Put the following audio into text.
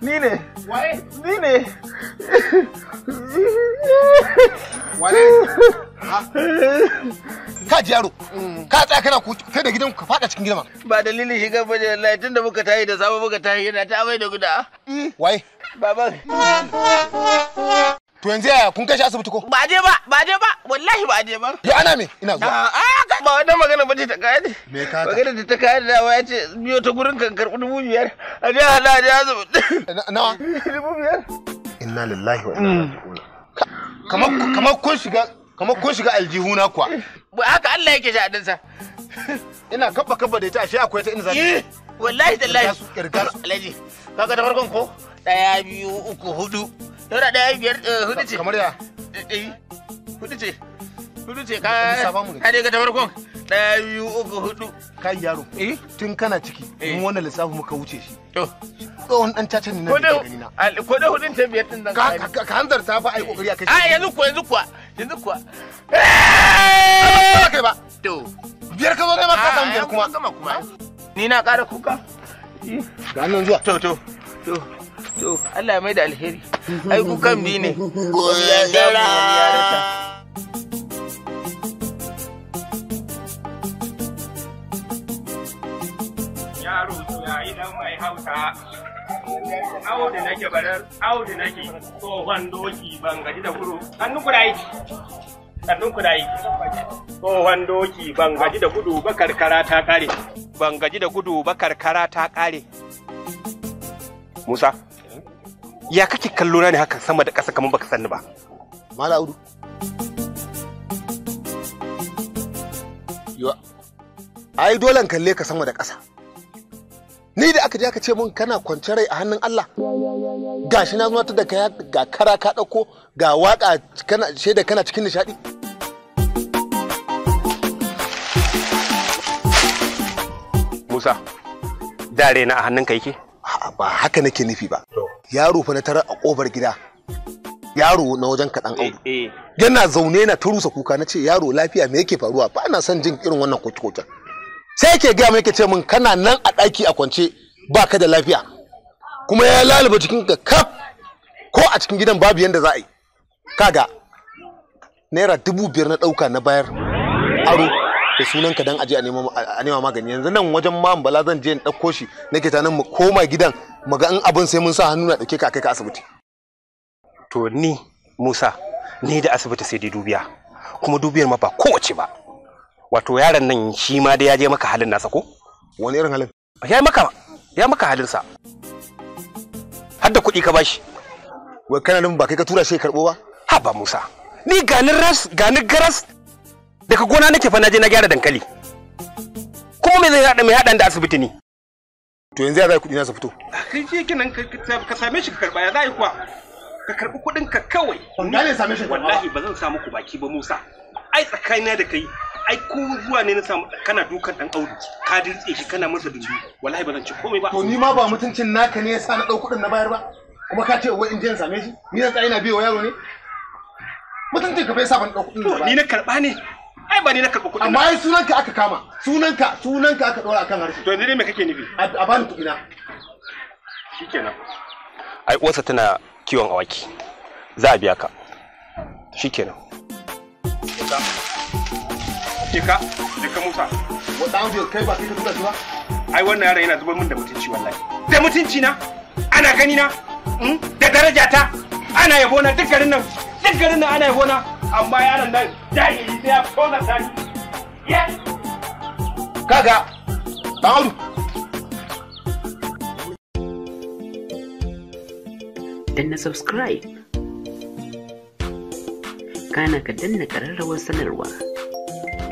Nina. What? Nina. what is ka ji yaro ka tsaya kana kai da gidan ka fada cikin girma ba dalilin shiga ba da lai tunda muka tayi da sabo muka tayi yana ta amai da guda eh. wai baban to yanzu yaya kun kai shi asibiti ko ba je ba ba je ba wallahi ba je ba ya ana me ina zuwa ah, ah, ba wannan magana bace ta kai ne me ka magana da ta kai da ya ce biyo ta gurin kan karɓi dubu biyar a je hada a je asibiti nawa dubu biyar inna lillahi wa inna ilaihi mm. raji'un kamar kun shiga kamar kun shiga aljihuna kuwa haka Allah yake sha'adin sa ina kabba kabba da ita ashe akwai ta inda zan eh, wallahi tallahi kirga su alaji kaga da farkon ko daya biyu uku hudu dora daya biyar eh, hudu ce kamar ya eh, hudu ce hudu ce ka ka dai ga da farkon daya biyu uku hudu kai yaro Eh. tun kana ciki mun wannan lissafi muka wuce shi To. tsohon dan caca ne na ko da hudun ta biyar din nan ka hanzarta fa ai kokari a kai a yanzu kuwa yanzu kuwa yanzu kuwa kai ba to biyar ka zo kai ma ka biyar ah, kuma ni na ƙara kuka ga nan zuwa to to to to Allah ya mai da alheri ai kukan bi ne goyon dara yaro dan mai hausa awo da nake barar awo da nake tsohon doki ban gaji da kuro hannun hannun tsohon doki ban gaji da gudu ba karkara ta kare ban gaji da gudu ba karkara ta kare Musa ya kake kallo na ne haka sama da ƙasa kamar baka sani ba Mala Audu Yo ai dole kalle ka sama da ƙasa ni da aka je aka ce mun kana kwance rai a hannun Allah gashi na zuwa ta da kaya ga kara ka dauko ga waka kana shaida kana cikin nishadi Musa da na a hannun ka yake ba haka nake nufi ba yaro fa na tara a kofar gida yaro na wajen kaɗan audu eh, eh. yana zaune na turusa kuka na ce yaro lafiya me yake faruwa ba na son jin irin wannan koke-koken sai ke gaya mai ce min kana nan a ɗaki a kwance ba ka da lafiya kuma ya lalaba cikin ka kaf ko a cikin gidan babu yanda za a yi kaga naira dubu biyar na ɗauka na bayar aro da sunan ka dan aje a nema magani yanzu nan wajen ma bala zan je in ɗauko shi nake ta nan mu koma gidan mu ga in abin sai mun sa hannu na ɗauke ka kai ka asibiti to ni Musa ni da asibiti sai dai dubiya kuma dubiyar ma ba kowace ba wato yaron nan shi ma da ya je maka halin nasa ko wani irin halin ya maka ya maka halin sa har da kuɗi ka bashi wai kana nan ba kai ka tura shi karɓo ba ha ba Musa ni ganin ras ganin garas daga gona nake fa naje na gyara dankali kuma me zai hada me hadan da asibiti ni. to yanzu ya zai kuɗi na su fito ah, kai je nan ka same shi ka karɓa ya zai kuwa ka karɓi kuɗin ka kawai wallahi ba zan samu ku baki ba Musa ai tsakanina da kai ai ko zuwa ne na samu kana dukan dan audu ka dirtse shi kana masa dindi wallahi ba zan ci komai ba to ni ma ba mutuncin naka ne yasa na dau kudin na bayar ba kuma ka ce wai in je in same shi ni zan tsaya ina biyo yaro ne mutuncin ka bai sa ban dau kudin ba ni na karba ne ai ba ni na karba kudin amma ai sunanka aka kama sunanka ka aka dora akan harshe to yanzu dai me kake nufi a bani kudina shikenan ai uwarsa tana kiwon awaki za a biya ka shikenan Thank you. jika jika musa wa dan bi kai ba kai ka tura shi ba ai wannan yaron yana zubar min da mutunci wallahi da mutunci na ana gani na hmm? da daraja ta ana yabo na duk garin nan duk garin nan ana yabo na amma yaran nan jahili sai ya kona ta ya kaga dan danna subscribe kana ka danna ƙararrawar sanarwa